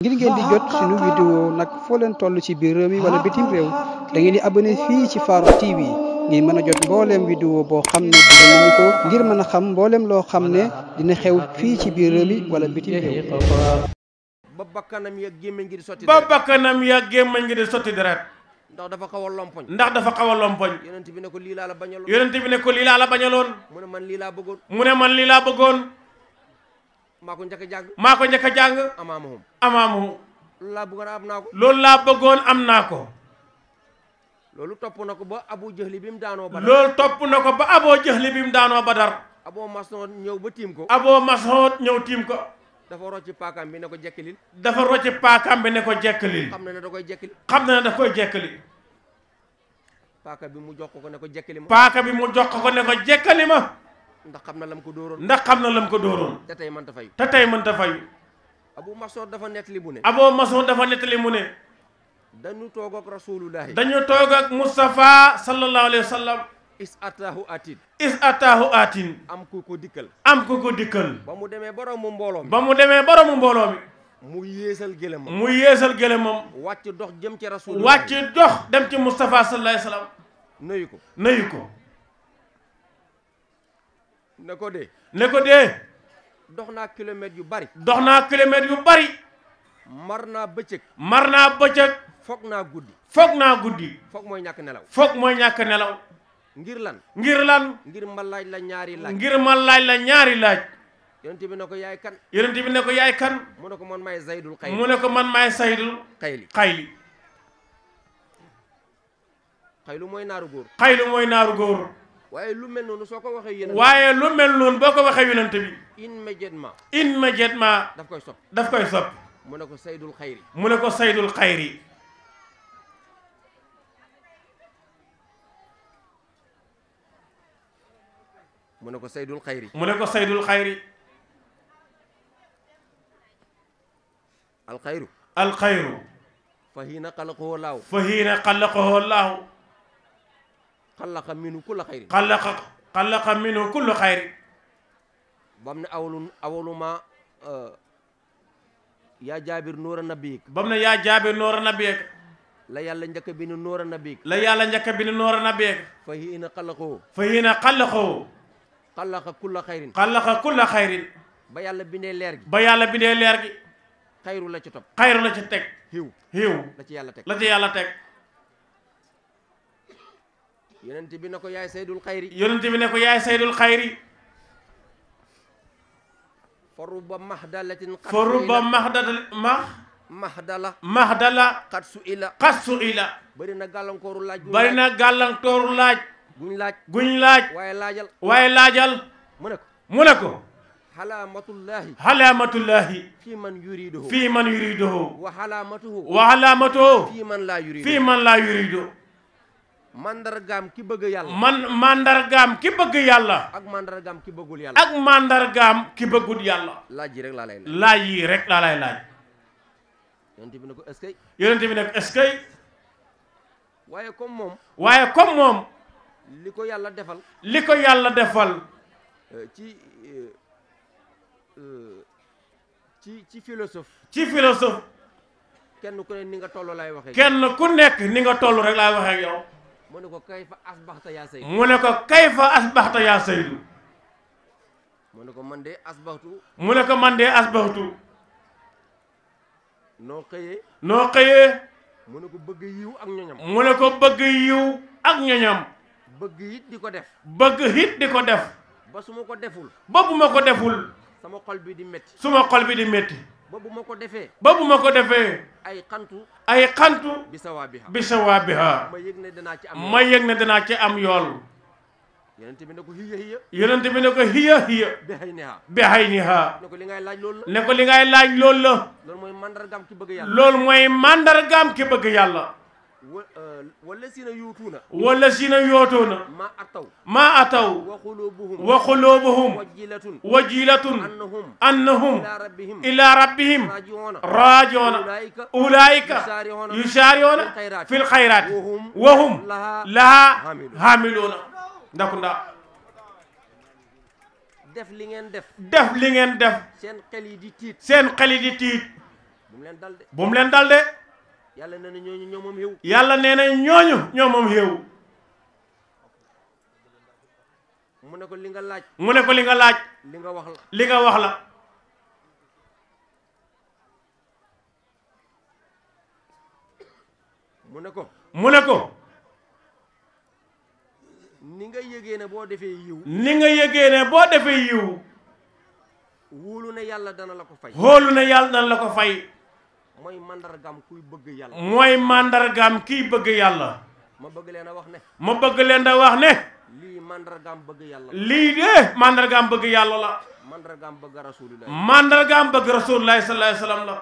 ngir ngeen di jot suñu vidéo nag foo leen toll ci biir réew mi wala bitim réew da ngeen di abonné fii ci Farokh TV ngir mën a jot mbooleem vidéo boo xam ne dinañu ko ngir xam mbooleem loo xam ne dina xew fii ci biir réew mi wala bitim réew. ba bakkanam ya gémmiñ gi di sotti ba bakkanam ya gémmiñ gi di sotti deret ndax dafa xaw a lompoñ ndax dafa xaw a lompoñ yonent bi ne ko lii laa la bañaloon yonent bi la bañaloon mu ne man lii laa bëggoon man lii laa bëggoon maa ko njëkk a jàng maa ko njëkk a jàng amaamahum amaamahum loolu laa bëggoon am naa ko loolu laa bëggoon am naa ko loolu topp na ko ba abu jëxli bi mu daanoo badar topp na ko ba aboo jëxli bi mu daanoo badar aboo masood ñëw ba tiim ko aboo masood ñëw tiim ko dafa rocci paakaam bi ne ko jekkalil dafa rocci paakaam bi ne ko jekkalil xam na xam na ne da koy paaka bi mu jox ko ne ko jekkali ma paaka bi mu jox ko ne ko jekkali ma ndax xam na la ko dóoroon ndax xam na lam ko dóoroon te tey mënta fay te tey mënta fayu abu masoud dafa nettali mu ne abu masoud dafa nettali mu ne dañu toog ak rasulullahi dañu toog ak moustapha sallallahu alayhi wa sallam is ataahu atin is ataahu atin am ku ko dikkal am ku ko dikkal ba mu demee boroomu mbooloo mi ba mu demee boroomu mbooloo mi mu yéesal gëlëmam mu yeesal gëlëmam wàcc dox jëm ci rasulullahi wàcc dox dem ci moustapha sallallahu alayhi wa sallam nuyu ko nuyu ko ne ko dee ne ko dee dox naa kilomètres yu bari dox naa kilomètres yu bari mar naa bëccëg mar naa bëccëg foog naa guddi foog naa guddi foog mooy ñàkk nelaw foog mooy ñàkk nelaw ngir lan ngir lan ngir ma laaj la ñaari laaj ngir ma laaj la ñaari laaj yonent bi ne ko yaay kan yonent bi ne ko yaay kan mu ne ko man maay zaydul xayli mu ne ko man maay zaydul xayli xayli xaylu mooy naaru góor xaylu mooy naaru góor waaye lu mel noonu soo ko waxee yonent waaye lu mel noonu boo ko waxee yonent bi immédiatement immédiatement daf koy sopp daf koy sopp mu ne ko saydul xayri mu ne ko saydul xayri mu ne ko saydul xayri mu ne ko saydul xayri alxayru alxayru fa hiina xalaqahu laahu fa hiina xalaqahu laahu قلق منه كل خير قلق قلق منه كل خير بمن أول أول ما آه، يا جابر نور نبيك بمن يا جابر نور نبيك لا يالا نجاك بن نور نبيك لا يالا نجاك بن نور نبيك فهينا قلقوا فهينا قلقوا قلق كل خير قلق كل خير با يالا بيني لير با يالا بيني لير leer لا تي la ci لا تي تك هيو هيو لا تي يالا تك لا تي يالا تك yonent bi ne ko yaay saydul xayri yonent bi ne ko yaay saydul xayri fa rubba mahdalatin fa rubba mahdala mah mahdala mahdala xat su ila xat su ila bari na gàllankooru laaj bari na gàllankooru laaj guñ laaj guñ laaj waaye laajal waaye laajal mu ne ko mu ne ko xalaamatullahi xalaamatullahi fii man yuridoho fii man yuridoho wa xalaamatuhu wa xalaamatuhu fii man laa yurido fii man laa yurido mandargaam ki bëgg yàlla. man mandargaam ki bëgg yàlla. ak mandargaam ki bëggul yàlla. ak mandargaam ki bëggul yàlla. laaj yi rek laa lay laaj. laaj yi rek laa lay laaj. yonent bi ne ko est-ce que. yonent bi ne ko est-ce que. waaye comme moom. waaye comme moom. li ko yàlla defal. li ko yàlla defal. Euh, ci euh, euh, ci ci philosophe. ci philosophe. kenn ku ne ni nga toll lay waxee. kenn ku nekk ni nga toll rek laay waxee ak yow. mu ne ko kayfa asbaxta yaa saydu mu ne ko kayfa asbaxta yaa saydu mu ne ko man de asbaxtu mu ne ko man de asbaxtu noo xëyee noo xëyee mu ne ko bëgg yiw ak ñoñam mu ne ko bëgg yiw ak ñoñam bëgg di ko def bëgg it di ko def ba su ma ko deful ba bu ma ko deful sama xol bi di métti suma xol bi di métti ba bu ma ko defee ba bu ko defee ay xantu ay xantu bi sawaabiha bi sawaabiha ma yëg ne danaa ci am ma yëg ne danaa ci am yool yonente bi ne ko hiya hiya yonente bi ne ko hiya hiya bi hay ni ha ne ko li ngay laaj loolu la ne li ngay laaj loolu la loolu mooy mandargaam ki bëgg yàlla loolu mooy mandargaam ki bëgg yàlla آه، والذين يؤتون ما أتوا ما وقلوبهم وجيلة أنهم إلى ربهم راجعون أولئك يسارعون في الخيرات وهم لها حاملون دكنا def li ngeen def def li ngeen def seen xel yi di tiit seen xel yi di tiit bu mu dal de bu mu dal de yàlla nee na ñooñu ñoo moom xéew yàlla nee na ñooñu ñoo moom xéew mu ne ko li nga laaj mu ne ko li nga laaj li nga wax la li nga wax la mu ne ko mu ne ko ni nga yëgee ne boo defee yiw ni nga yëgee ne boo defee yiw wóolu ne yàlla dana la ko fay wóolu ne yàlla dana la ko fay mooy màndargaam kuy bëgg yàlla. mooy màndargaam kiy bëgg yàlla. ma bëgg leen a wax ne. ma bëgg leen a wax ne. lii màndargaam bëgg yàlla. lii de màndargaam bëgg yàlla la. màndargaam bëgg rasulullah. màndargaam bëgg rasulullah sallallahu alayhi wa sallam la.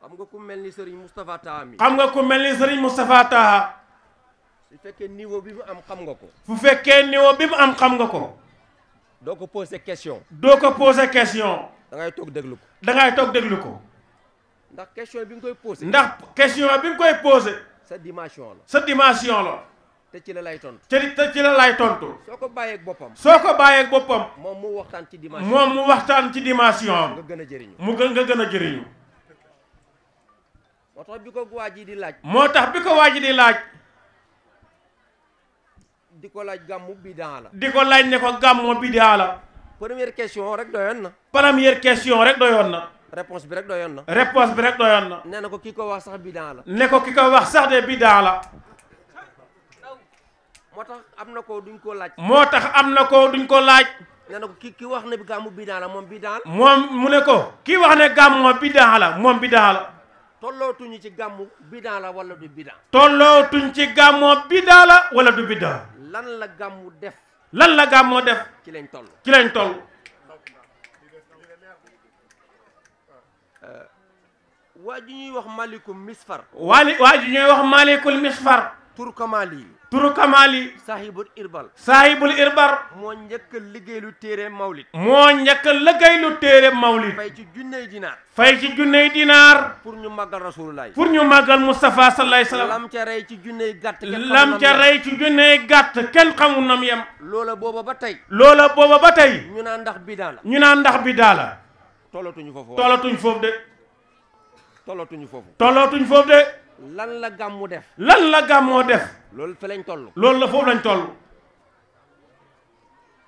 xam nga ku mel ni Serigne Moustapha Taha mi. xam nga ku mel ni Serigne Moustapha Taha. su fekkee niveau bi mu am xam nga ko. su fekkee niveau bi mu am xam nga ko. doo ko posé question. doo ko posé question. da ngay toog déglu ko. da ngay toog déglu ko. La question bi posée. koy posé. dimension là. cette? dimension la. te ci la lay tontu. te ci dimension mu ci dimension la. première question rek question réponse bi rek doyoon na. réponse bi rek doyoon na. nee na ko kii ko wax sax bidaa la. ne ko kii ko wax sax de bidaa la. moo am na ko duñ ko laaj. moo tax am na ko duñ ko laaj. nee na ko ki ki wax ne gàmmu bidaa la moom bidaa la. moom mu ne ko. kii wax ne gàmmu bidaa la moom bidaa la. tollootuñu ci gàmmu bidaa la wala du bidaa. tollootuñ ci gàmmu bidaa la wala du bidaa. lan la gàmmu def. lan la gàmmu def. ci lañ toll ci lañ toll. Euh, waa ji ñuy wax malikul misfar waali waa ji ñuy wax malikul misfar turu kamaali turu kamaali saahibul irbal saahibul irbar moo njëkk a liggéey lu téere mawlid moo njëkk a liggéey lu téere mawlid fay ci junney dinaar fay ci junney dinaar pour ñu màggal rasulullah pour ñu màggal moustapha sallallahu alayhi wasallam lam ca rey ci junney gàtt lam ca rey ci gàtt kenn xamul nam yem loola booba ba tey loola booba ba tey ñu naan ndax bidaa ñu naan ndax bidaa la tollatuñu foofu tollatuñ foofu de. tollatuñu foofu. tollatuñ foofu de. lan la gàmmu def. lan la gàmmoo def. loolu fa lañ toll. loolu la foofu lañ toll.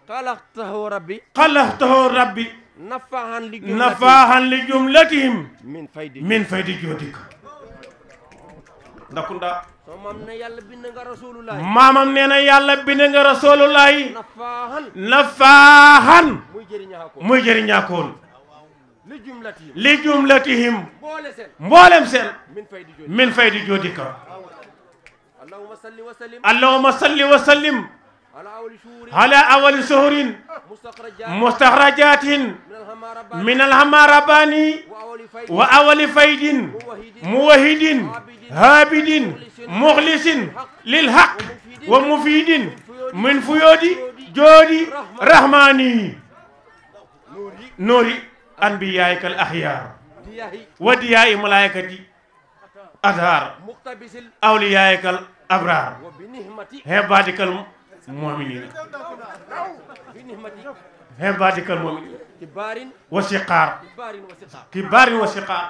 xalaxtahu rabbi. xalaxtahu rabbi. nafaaxan li jumlatihim nafaaxan li jumlatihim. min faydi min faydi maamam ne yàlla bind nga rasululaahi. maamam nee na yàlla bind nga rasululaahi. nafaaxan. nafaaxan. muy jëriñaakoon muy لجملتهم مولم سل من فايد جودك اللهم صل وسلم على اول شهور مستخرجات من الهما واول فيد موهد هابد مخلص للحق ومفيد من فيودي جودي رحماني نوري anbiyaay kal ahyaar wa diyaay malaayikati adhaar awliyaay kal abraar hebaadi kal mu'miniin hebaadi kal mu'miniin wa siqaar kibaarin wa siqaar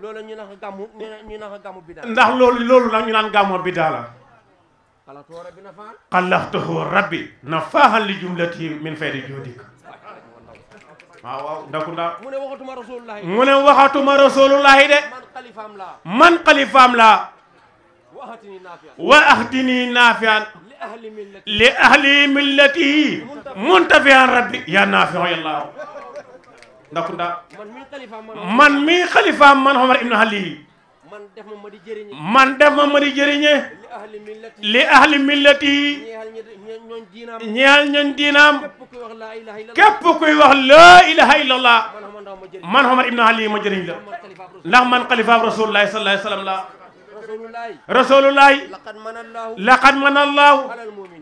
loolu ñu naan gàmmu ñu naan gàmmu bidaa ndax loolu loolu nag ñu naan gàmmu bidaa la xalaxtuhu rabbi nafaahan li jumlati min faydi joodik مونه وخاتوما رسول الله دي من خليفام لا واخذني نافعا لاهل ملتي منتفعا ربي يا نافع يا الله داكوندا من مي خليفام من عمر ابن خليفه man def ma ma di jëriñe li ahli millati yi ñeel ñoñ diinaam képp kuy wax laa ilaha illallah man Omar ibn Ali ma jëriñ la ndax man xalifaab rasulullahi sallallahu alayhi wa sallam la rasulullahi laqad mana allahu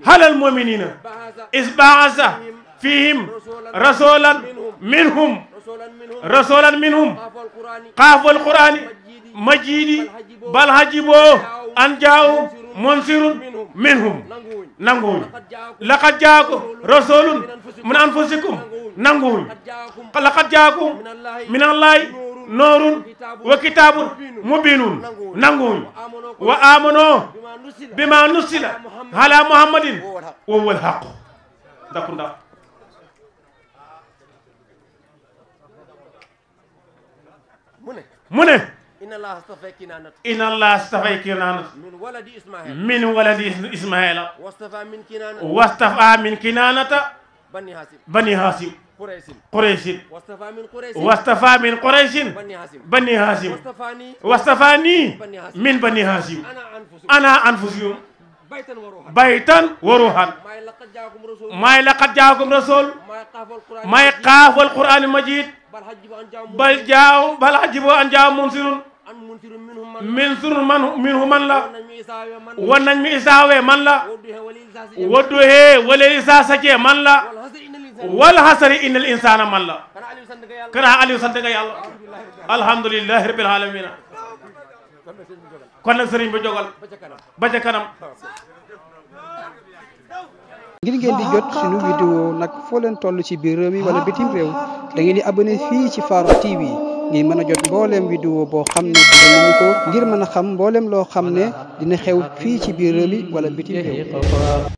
halal muminina isbaasa fihim rasulan minhum rasulan minhum qaaful qurani majidi bal hajibo an jaaw minhum nanguwuñu laqad jaaku rasulun min anfusikum nanguwuñu laqad jaaku min allahi noorun wa kitaabun mubinun nanguwuñu wa amano bima nusila ala muhammadin wa huwa alhaqu ndaku ndax mu ne إن الله استفى كنانة من ولد إسماعيل واستفى من كنانة بني هاشم قريش واستفى من قريش بني هاشم بني من بني هاشم أنا أنفسهم بيتا وروحا ما لقد جاءكم رسول ما لقد جاءكم رسول ما يقاف القرآن المجيد bal jaaw bal ajibu an jaaw munsirun min surun man minhu man la won nañ mi isaawe man la waddu he wale isa sake man la wal hasari innal insana man la kana aliou sant nga yàlla alhamdulilahi rabbil alamina kon nag sëriñ ba jogal ba ca kanam ngir ngeen di jot suñu vidéo nag foo leen toll ci biir réew mi wala bitim réew da di di abonné fii ci Farokh TV ngir mën a jot mbooleem vidéo boo xam ne dinañu ngir mën a xam mbooleem loo xam ne dina xew fii ci biir réew mi wala bitim réew